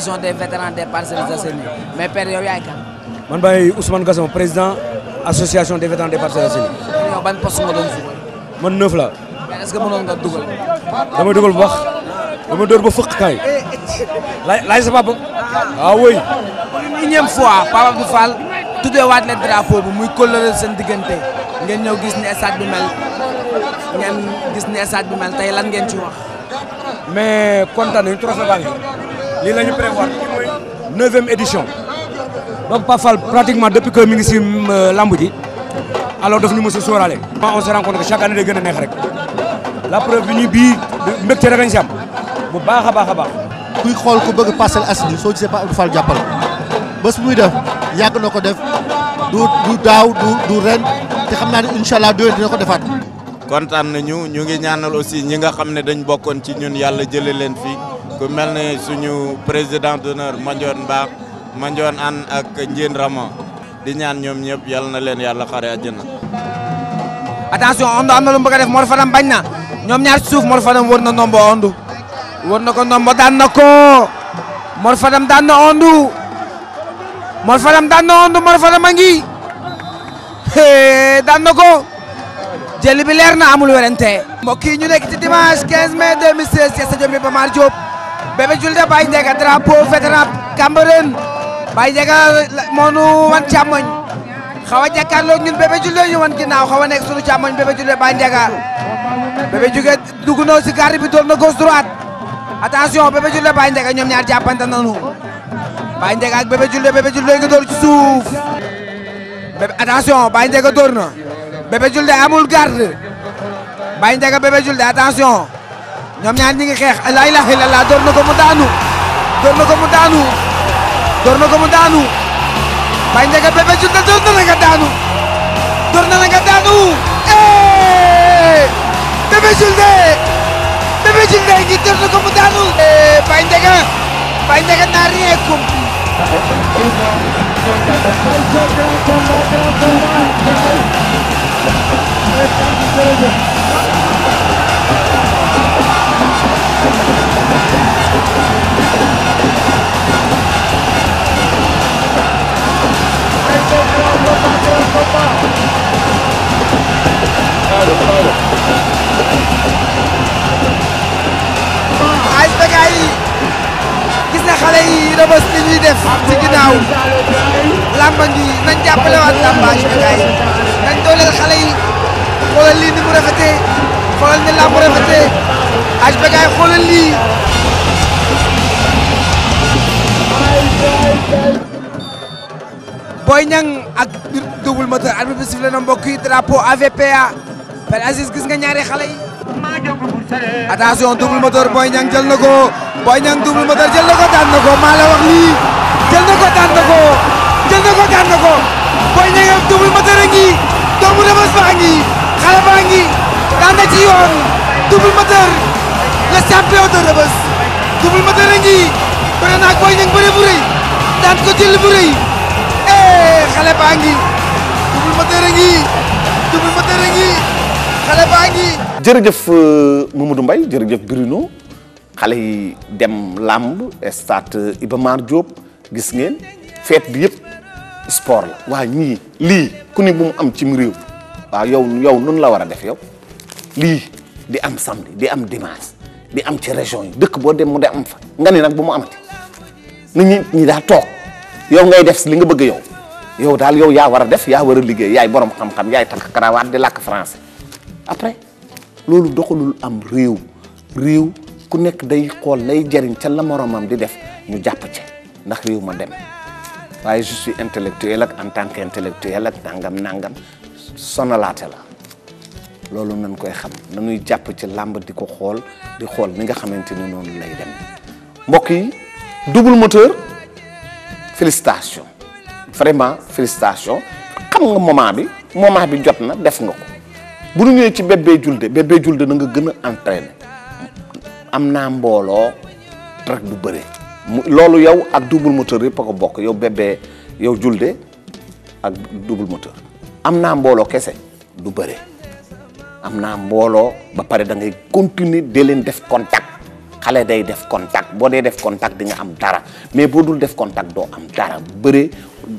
association des vétérans des Parcelles Assainies mais père yow yaay kan. man président association des vétérans des Parcelles Assainies. yow ban poste nga doon dugal. man neuf nga dugal. dama dugal bu baax dama dóor ba fëq kaay. laaj laaj sa papa. waaw ah oui. unième fois Papa Abdou Fall tuddee waat leen drapeau bi muy kóllëre seen diggante ngeen ñëw gis ni stade bi mel ngeen gis ni stade bi mel tey lan ngeen ci wax. mais kontaan nañu trop sa baa ngi lii la ñu prévoir lii mooy neuvième édition donc Pape Fall pratiquement depuis que mi ngi si lamb ji alors daf ñu mos a sóoraale. on se rend compte que day gën a neex rek la preuve bi ñu bii mbégte rek lañ si am bu baax a baax a baax. kuy xool ku bëgg Parcelles Assainies soo gisee Pape Fall jàppal bés muy def yàgg na ko def du du daaw du du ren te xam naa di incha allah déwén dina ko defaat. kontaan nañu ñu ngi ñaanal aussi ñi nga xam ne dañu bokkoon ci ñun yàlla jëlee leen fii. ku mel ni suñu président d'honneur Mandione Mbaax Mandione Anne ak Ndiène Rama di ñaan ñoom ñëpp yal na leen yàlla xare àjjana attention Ondu am na lu mu a def Mor Fadam bañ na ñoom ñaar suuf Mor wër na ndombo Ondu wër na ko ndombo daan na ko Mor Ondu Mor Fadam daan na Ondu Mor bi leer na amul werante mbokk yi ñu nekk dimanche 15 mai 2016 ci stade Iba Mar Bébé Diouldé Baye Ndiaga drapeau vétéran Cambérène Baye Ndiaga moo nu wan càmmoñ xaw a jàkkaarloog ñun Bébé Diouldé ñu wan ginnaaw xaw a nekk sunu càmmoñ Bébé Diouldé Baye Ndiaga Bébé Diouldé dugg na si garde bi door na gauche droite attention Bébé Diouldé Baye Ndiaga ñoom ñaar jàppante nañu Baye Ndiaga ak Bébé Diouldé Bébé Diouldé nga door ci suuf bébé attention Baye Ndiaga door na amul garde Baye Ndiaga Bébé Diouldé attention. ñoom ñaar ñi ngi xeex la ilaha illallah door na ko mu daanu door na ko mu daanu door na ko mu daanu Baye Ndiaga daanu door na la daanu eh Bébé Diouldé Bébé Diouldé ngi door na ko mu daanu eh Baye Ndiaga Baye Ndiaga n'a rien compris Thank rëbës li ñuy def ci ginnaaw ngi nañ jàppale waat làmbage bi gars yi nañ dooleel xale ni mu rafetee xoolal ni làmb rafetee age bi gars yi xoolal lii Boy Niang ak Double Moteur arbitre bi sifflé na mbokk yi drapeau gis nga ñaari xale yi attention Double Moteur Boy jël na Boy Niang Double Moteur jël na ko daan na maa la wax lii jël na ko daan na ko jël na ko daan a ngi doomu Rebeuss baa ngi xale baa ngi daan na ci yoon Double Moteur le champion de Rebeuss Double a ngi bëre na ak Boy Niang bëre bu ko jël bu rëy eh xale baa ngi Double Moteur a ngi Double Moteur a ngi xale baa ngi jërëjëf euh, Mamadou Mbaye jërëjëf Bruno xale yi dem làmb stade Iba Mar Diop gis ngeen fête bi yëpp sport la waa ñii lii ku ni bu mu am cim réew waa yow yow nun la war a def yow lii di am samedi di am dimanche di am ci région yi dëkk boo dem mu de am fa nga ni nag bu mu amati nit ñi ñi daa toog yow ngay def li nga bëgg yow yow daal yow yaa war a def yaa war a liggéey yaay borom xam-xam yaay takk karawaat di lakk francais après loolu doxalul am réew ku nekk day xool lay jariñ ca la moromam di def ñu jàpp ci ndax réew ma dem waaye je suis intellectuel ak en tant que intellectuel ak nangam nàngam sonalaate la loolu nañ koy xam nañuy jàpp ci làmb di ko xool di xool ni nga xamante ni noonu lay dem mbokk yi double moteur félicitation vraiment félicitation xam nga moment bi moment bi jot na def nga ko bu ñu ñëwee ci bébé julde bébé julde na nga gën a entraîner am naa mbooloo rek du bëri mu loolu yow ak double moteur yëpp a ko bokk yow bébé yow julde ak double moteur am naa mbooloo kese du bëre am naa mbooloo ba pare da ngay continuer di leen def contact xale day def contact boo dee def contact di am dara mais boo dul def contact doo am dara bëre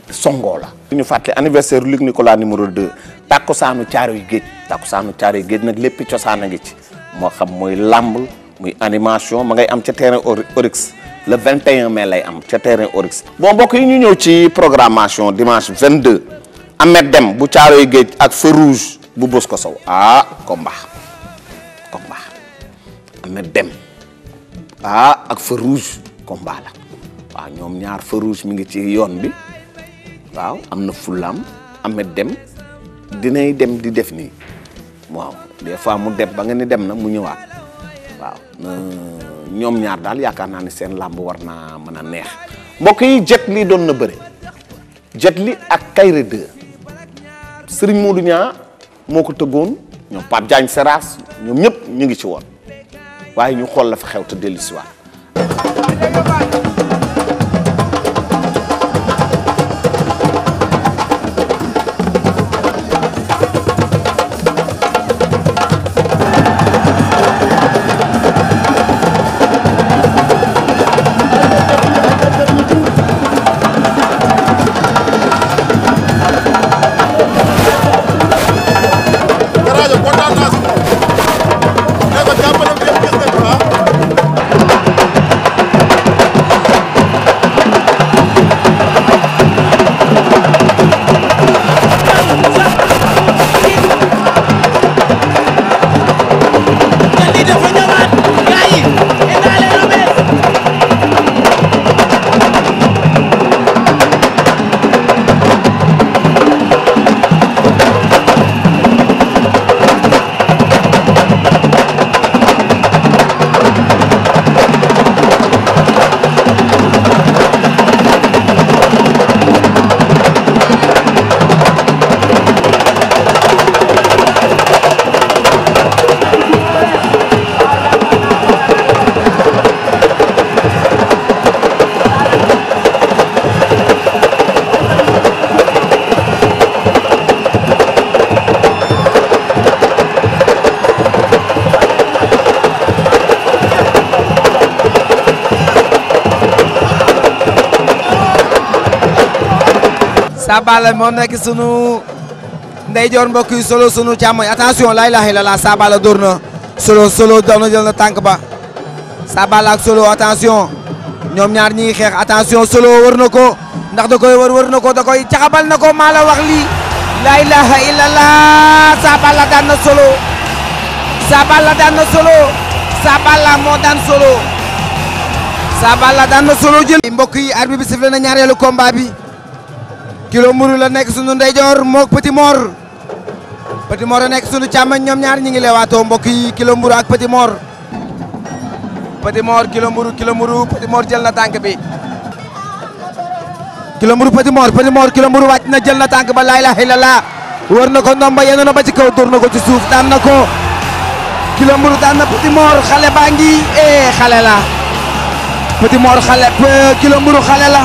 songoo la. ñu fàttali anniversaire Luc Nicolas numéro 2 takkusaanu caaroy géej takkusaanu caaroy géej nag lépp cosaan a ngi ci moo xam mooy làmb. muy animation ma ngay am ca terrain Oryx le 21 mai lay am ca tere Oryx. bon mbokk ñu ñëw ci programmation dimanche 22 Ahmed Dem bu Caaroy Géej ak Feu Rouge bu Bosco Sow ah combat combat Ahmed Dem ah ak Feu Rouge combat la waaw ñoom ñaar Feu mu ngi ci yoon bi waaw am na fulam Ahmed Dem dinay dem di def nii waaw des fois mu def ba nga ni dem na mu ñëwaat. waaw euh, ñoom ñaar daal yaakaar naa ne seen làmb war naa mën a neex mbokk yi Jet Li doon na bëre Jet Li ak Kayre 2 Serigne Modou Niang moo ko tëggoon ñoom Pape Diagne Seras ñoom ñëpp ñu ngi ci woon waaye ñu xool la fa xew te dellusiwaat Sabala moo nekk sunu ndeyjoor mbokk yi solo sunu càmmoñ attention la ilaaha illallaah Sabala dóor na solo solo daw na jël na tànk ba Sabala ak solo attention ñoom ñaar ñi ngi xeex attention solo wër na ko ndax da koy wër wër na ko da koy caxabal na ko maa la wax lii laa ilaaha illallaah daan na solo Sabala daan na solo Sabala moo daan solo Sabala daan na solo jël mbokk yi arbitre bi na ñaareelu combat bi kilo mburu la nekk sunu ndeyjoor mook Petit Mor Petit nekk sunu càmmoñ ñoom ñaar ñi ngi leewaatoo mbokk yi kilo mburu ak Petit Mor Petit Mor kilo mburu kilo jël na tànk bi kilo mburu Petit Mor kilo mburu wàcc na jël na tànk ba laa ilaaha illallaah war na ko ndomba yenu na ba ci kaw dóor na ko ci daan na ko kilo mburu daan na Petit xale baa ngi eh xale la Petit Mor xale eh, kilo mburu xale la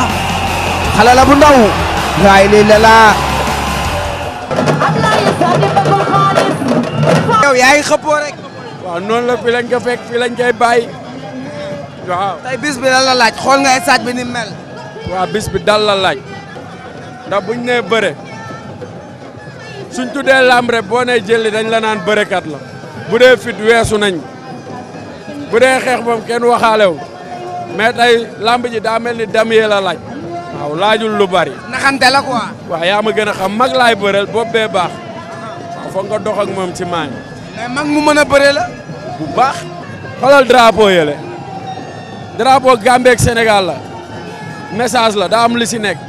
xale la bu ndaw laa ilaaha illallaah yow yaa ngi xëppoo rek. waaw noonu la fi lañ ko fekk fi lañ koy bàyyi waaw. tey bis bi lan la laaj xool nga stade bi ni mel. waaw bis bi dal la laaj. ndax buñ nee bëre suñ tuddee làmb rek boo nee jëli dañ la naan bërekat la. bu dee fit weesu nañ bu dee xeex moom kenn waxaalew mais tey làmb ji daa mel ni dam yee la laaj. waaw laajul lu bari. naxante la quoi. waaw yaa ma gën a xam mag laay bëreel bopp bee baax. waaw uh-huh. foog nga dox ak moom ci maañ. mais mag mu mën a bëree la. bu baax. xoolal drapeau yële. drapeau Gambie ak Sénégal la. message la daa am li si nekk.